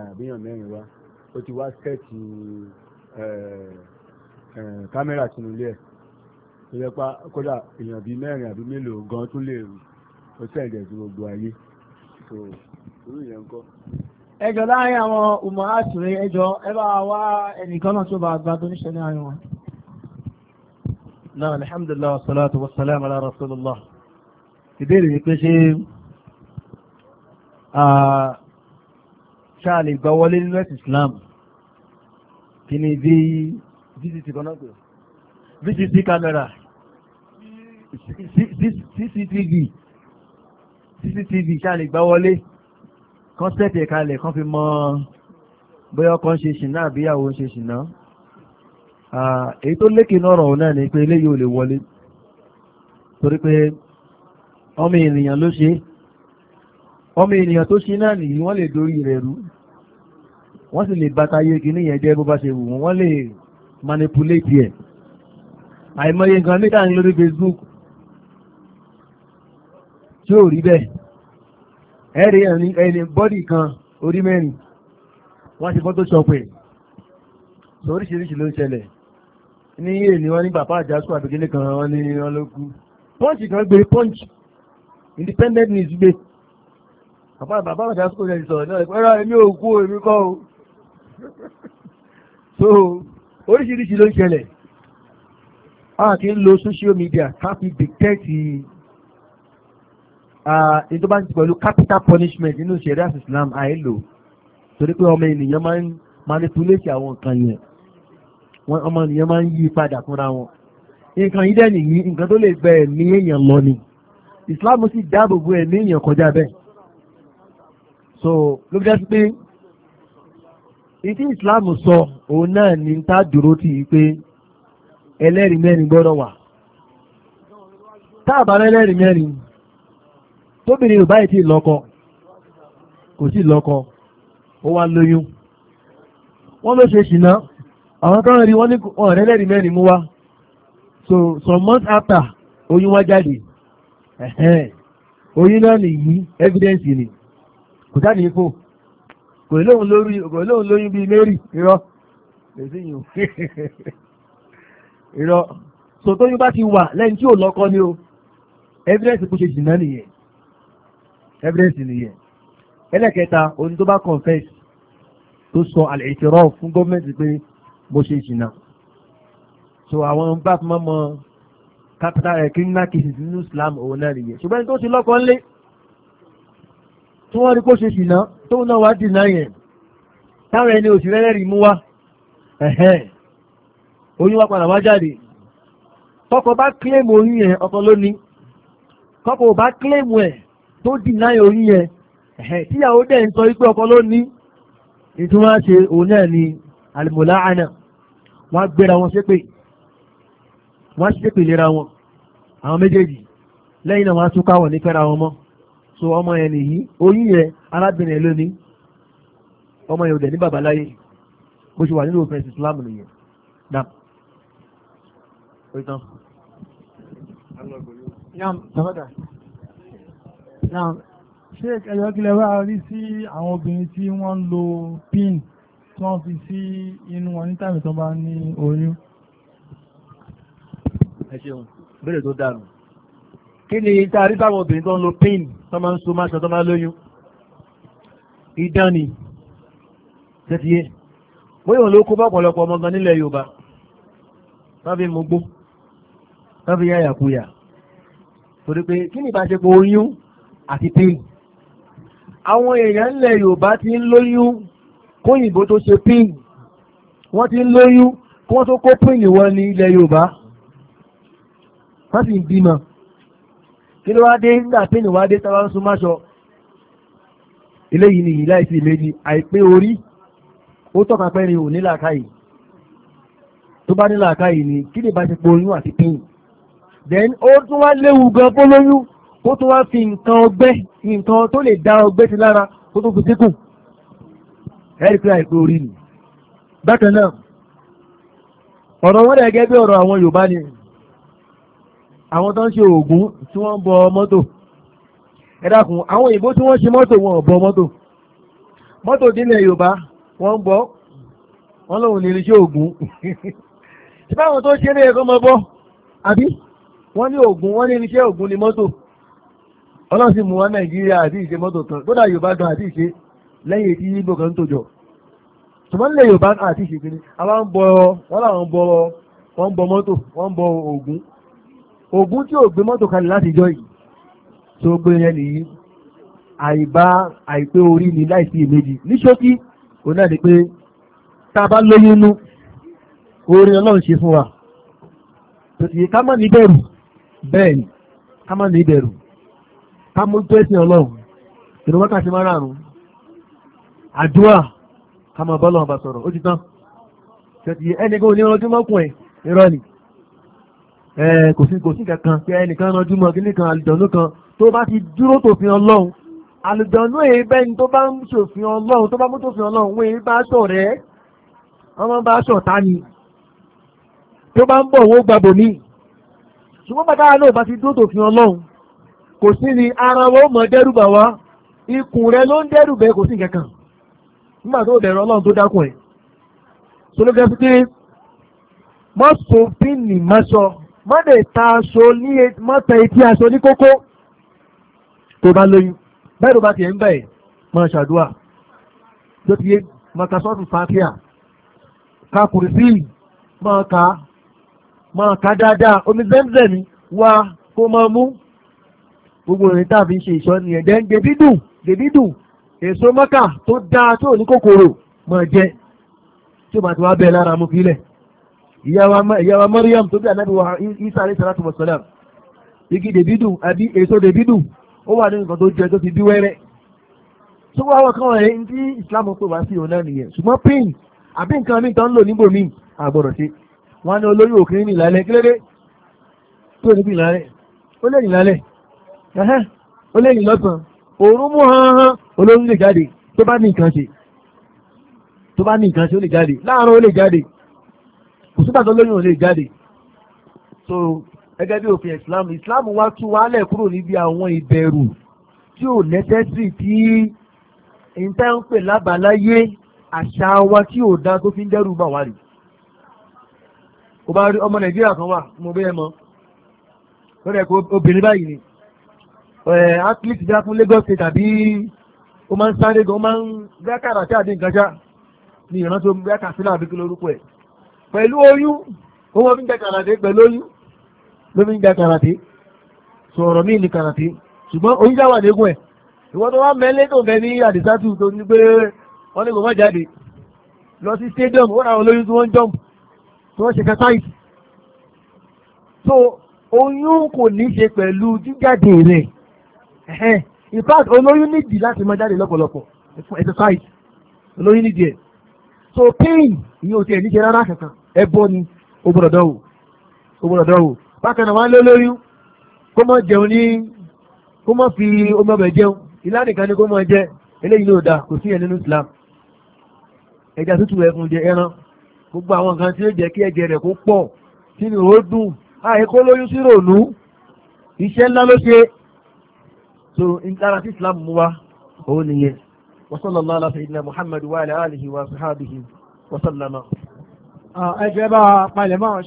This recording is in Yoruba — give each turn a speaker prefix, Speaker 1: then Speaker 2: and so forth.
Speaker 1: àbíyàn mẹ́rin wá ó ti wá skẹ́ẹ̀tì kámẹ́rà sínú ilé ẹ̀ tó yẹ pa kódà èèyàn bíi mẹ́rin àbí mélòó gan tún lè rí ó sẹ̀ǹdẹ̀ sí gbogbo ayé tó irú ìyẹn ń kọ́. ẹjọ láàrin àwọn ọmọ àṣírí ẹjọ ẹ bá wá ẹnìkan náà tó bá gba tó níṣẹ́ ní àárín wọn. náà alhamdulilah wasalaatu wasalaam ala rasulillah ìbéèrè ni pé ṣé ṣáà lè gbà wọlé nínú ẹ̀sìn Islam kí ni bí VCT kan náà pè VCT camera CCTV CCTV ṣáà lè gbà wọlé kan sẹ́ẹ̀tì ẹ̀ka ilẹ̀ kan fi mọ bóyá ọkọ ń ṣe ṣìnà àbíyàwó ń ṣe ṣìnà èyí tó lékè náà ọ̀rọ̀ náà ni pé eléyìí ò lè wọlé torí pé ọmọ ènìyàn ló ṣe ọmọ ènìyàn tó ṣe náà nìyí wọ́n lè dorí rẹ̀ rú wọ́n sì lè bàtà yegi níyẹn jẹ́ bó bá ṣe wù wọ́n lè manipulate ẹ̀ àìmọye nǹkan níta ní lórí Facebook tí ò rí bẹ́ẹ̀ ẹ̀rí ẹni bọ́dì kan orí mẹ́rin wọ́n ṣe photoshop ẹ̀ sọ oríṣiríṣi ló ń ṣẹlẹ̀ ní yìí ni wọ́n ní bàbá àjásù àbíkílẹ̀ kan wọ́n ní wọ́n ló kú punch kan gbé punch independent news gbé bàbá àjásù kò ṣe sọ̀rọ̀ náà ẹ̀rọ èmi ò kú èmi kọ́ so oríṣiríṣi ló ń ṣẹlẹ̀ a kì í lo social media ká fi dictate èyí tó bá ń ti pẹ̀lú capital punishment nínú sharia islam àìlò torí pé ọmọ ènìyàn máa ń manipulate àwọn nǹkan yẹn ọmọ ènìyàn máa ń yí padà fúnra wọn nǹkan yìí dẹ́nì yìí nǹkan tó lè gbẹ ẹ̀mí èèyàn lọ ni islam sì dáàbò bo ẹ̀mí èèyàn kọjá bẹ́ẹ̀ so ló fi dá sí pé ìdí islam sọ òun náà ní ta dúró tì í pé ẹlẹ́rìí mẹ́rin gbọ́dọ̀ wà táàbà ẹlẹ́rìí mẹ́rin tóbìnrin ò báyìí tí lọ́kọ kò sí lọ́kọ ó wá lóyún wọ́n ló ṣe ṣìnà àwọn kan rí wọ́n ní ọ̀rẹ́ ẹlẹ́rìí mẹ́rin mú wá so some months after oyún wá jáde oyún náà nìyí evidence ni kò sáà ní fò kò lóhun lórí kò lóhun lóyún bíi mary irọ́ èsì yìí o irọ́ sòtóyún bá ti wà lẹ́yìn tí ò lọ́kọ ni o evidence kò ṣe jìnnà nìyẹn evidence nìyẹn ẹlẹ́kẹta oní tó bá confess tó sọ àlẹ́tìrọ́ fún gọ́ọ̀mẹ̀ntì pé mo ṣe jìnnà so àwọn bá fi mọ́ mọ́ capital eh, criminal cases nínú Islam òun náà nìyẹn ṣùgbọ́n tó ti lọ́kọ ńlẹ́ tí wọ́n rí kó ṣe ṣìnà tóun náà wá dìnnà yẹn táwọn ẹni òsì rẹ́rẹ́rì mú wá oyún wá padà wá jáde tọkọ bá kílèmù oyún yẹn ọkọ ló ní tọkọ bá kílèmù ẹ̀ tó dìnnà yẹn oyún yẹn tíyàwó dẹ̀ ń sọ wípé ọkọ ló ìtumọ̀ ṣe òun náà ni alimola ana wọ́n gbéra wọn ṣépè wọ́n ṣépè lera wọn àwọn méjèèjì lẹ́yìn náà wọ́n á tún káwọ̀ ní fẹ́ra wọn mọ́ so ọmọ yẹn nìyí oyún yẹn arábìnrin yẹn lónìí ọmọ yẹn ò dẹ̀ ní bàbá láyé bó ṣe wà nínú òfin Islam nìyẹn náà orí tán. yam tọ́kọ̀tà yam ṣé ẹ̀yọ́ kílẹ̀ rí sí àwọn obìnrin tí wọ́n ń lo pin tí wọ́n fi sí inú wọn ní tàbí tó bá ní oyún. ẹ ṣeun bẹ́ẹ̀ tó dànù kí ni ìtarí táwọn obìnrin tó ń lo pain tó máa ń so máṣọ tó máa lóyún ìdán ni tẹ́tíyé wọ́n yóò ló kó bọ́pọ̀lọpọ̀ ọmọ gan nílẹ̀ Yorùbá wọ́n fi mugbó wọ́n fi yáyàkuyà torí pé kí ni ìbáṣepọ̀ oyún àti pain àwọn èèyàn nílẹ̀ Yorùbá ti ń lóyún kóyìnbó tó ṣe pain wọ́n ti ń lóyún kí wọ́n tó kó pain wọn ní ilẹ̀ Yorùbá wọ́n sì ń bímọ kí ló wá dé nígbà tí ìwà dé tàbá ń sun máṣọ eléyìí ni ìlà ìsì méjì àìpé orí ó tọ́ka pé ni ò ní làákàyè tó bá ní làákàyè ni kí lè bá ti po oyún àti pín then ó tún wá léwu gan kó lóyún kó tún wá fi nǹkan ọgbẹ́ nǹkan tó lè dá ọgbẹ́ sí lára kó tún fi síkù ẹ̀rí pé àìpé orí ni bákan náà ọ̀rọ̀ wọn dẹ̀ gẹ́gẹ́ bí ọ̀rọ̀ àwọn Yorùbá ni àwọn tó ń ṣe oògùn tí wọ́n ń bọ mọ́tò ẹ dákun àwọn òyìnbó tí wọ́n ṣe mọ́tò wọn ò bọ mọ́tò mọ́tò nílẹ̀ Yorùbá wọ́n ń bọ wọ́n lòun ní irinṣẹ́ oògùn tí báwọn tó ṣe ní ẹ̀kọ́ mọ́ bọ́ àbí wọ́n ní oògùn wọ́n ní irinṣẹ́ oògùn ní mọ́tò ọlọ́run sì mú wa Nàìjíríà àti ìṣe mọ́tò kan kódà Yorùbá gan àti ìṣe lẹ́yìn tí yíbo kan tó jọ ṣùgbọ́n nílẹ̀ Yorùbá àti ìṣe kiri àwọn ń bọ wọ́n làwọn ń bọ wọ́n ń bọ mọ́tò wọ́n ń bọ oògùn ògún tí ò gbé mọ́tò kalẹ̀ láti jọ yìí tó gbé yẹn nìyí àìbá àìpé orí ni láìsí ìmejì ní ṣókí kò náà ni pé tá a bá lóyún nú orin ọlọ́run ṣe fún wa tòṣìṣẹ́ ká má ní bẹ̀rù bẹ́ẹ̀ ni ká má ní bẹ̀rù ká mú tó ẹ̀sìn ọlọ́run ìlú wákàtí márààrún àdúrà ká máa bọ́ lọ́wọ́ bá sọ̀rọ̀ ó ti tán tòṣìṣẹ́ ẹnì ò ní ọlọ́dún mọ́kùn ẹ̀ irọ́ kò sí kò sí kankan pé ẹnìkan ránjú mọ́ kíní kan àlùjọ̀nú kan tó bá ti dúró tòfin ọlọ́run àlùjọ̀nú èyí bẹ́ni tó bá ń ṣòfin ọlọ́run tó bá mú tòfin ọlọ́run wọ́n èyí bá ṣọ̀rẹ́ ọmọ bá ṣọ̀tá ni tó bá ń bọ̀ wọ́n gbàgbò mí ṣùgbọ́n bàtà náà bá ti dúró tòfin ọlọ́run kò sí mọ́dẹ̀ ta aṣọ ní e, mọ́tẹ̀ etí aṣọ ní kókó tó bá lóyún bẹ́ẹ̀ ló bá tiẹ̀ ń bẹ̀ máa ṣàdúrà tó ti yé máa ka sọ́ọ̀tù fàtíà ka kùrìsì máa ka máa ka dáadáa omi zẹ́mzẹ́mi wá kó máa mú gbogbo ìrìn tá a fi ń ṣe ìṣọ́ nìyẹn dẹ́n dèbídùn dèbídùn èso mọ́kà tó dáa tó ní kòkòrò máa jẹ tí o bá ti wá bẹ́ẹ̀ lára mú kílẹ̀ ìyàwó Maryam tó bí anábì wa Isa alayhi salatu wa salam igi dèbídù àbí èso dèbídù ó wà nínú nǹkan tó jẹ tó ti bí wẹ́rẹ́ tó wá wọn kan wọ̀nyẹn ní Islam pè wá sí òun náà nìyẹn ṣùgbọ́n pain àbí nǹkan mi tán lò níbò mi àgbọ̀dọ̀ ṣe wọn ní olórí òkè ní ìlàlẹ̀ kílódé tó níbi ìlàlẹ̀ ó lè nílàlẹ̀ ó lè ní lọ́sàn òórùn mú hanhan olórí lè jáde tó bá ní nǹkan ṣe tó bá ní nǹkan ṣe ó lè jáde láàárọ̀ ó lè jáde kò sígbà tó lóyún ò lè jáde so gẹ́gẹ́ bí òfin islam islam wá tú wálẹ̀ kúrò níbi àwọn ìbẹ̀rù tí ò nẹ́sẹ̀sì tí ìta ń pè lábàláyé àṣà wa tí ò dá tó fi ń dẹ́rù bà wá rí kò bá rí ọmọ nàìjíríà kan wà mo bẹ́ẹ̀ mọ́ lórí ẹ̀kọ́ obìnrin báyìí ni athlete bí a fún Lagos State tàbí ó máa ń sáré gan ó máa ń bí kàrà tí àdé nǹkan já ni ìrántí omi bí a kà sílẹ̀ àbíkí lórúkọ ẹ̀ pẹ̀lú oyún owó fi ń jẹ kàràdé pẹ̀lú oyún ló fi ń jẹ kàràdé sọ̀rọ̀ míì ní kàràdé ṣùgbọ́n oyún jáwà lẹ́gùn ẹ̀ ìwọ́n tó wá mẹ́lẹ́ tó fẹ́ ní àdìsátù tó ní pé wọ́n ní kò má jáde lọ sí stadium wọ́n ra olóyún tí wọ́n jump tí wọ́n ṣe kataisi so oyún kò ní ṣe pẹ̀lú jíjáde rẹ̀ in fact olóyún nídìí láti máa jáde lọ́pọ̀lọpọ̀ fún exercise olóyún nídìí ẹ̀ so pain ìyẹn ò tiẹ̀ ní ṣe rárá kankan ẹbọ ni ó gbọ́dọ̀ dánwò ó gbọ́dọ̀ dánwò bákan náà wọ́n á lé lóyún kó má jẹun ní kó má fi omi ọbẹ̀ jẹun ilá nìkan ni kó má jẹ eléyìí ló da kò sí ẹ̀ nínú Islam ẹja tútù ẹ̀fun jẹ ẹran gbogbo àwọn nǹkan tí ó jẹ́ kí ẹ̀jẹ̀ rẹ̀ kó pọ̀ kí ni ó dùn àyè kó lóyún sí rònú iṣẹ́ ńlá ló ṣe so nǹkan ara tí Islam mú wa òun nìyẹn وصلى الله على سيدنا محمد وعلى آله وصحابه وسلم آه، أجاب قال ما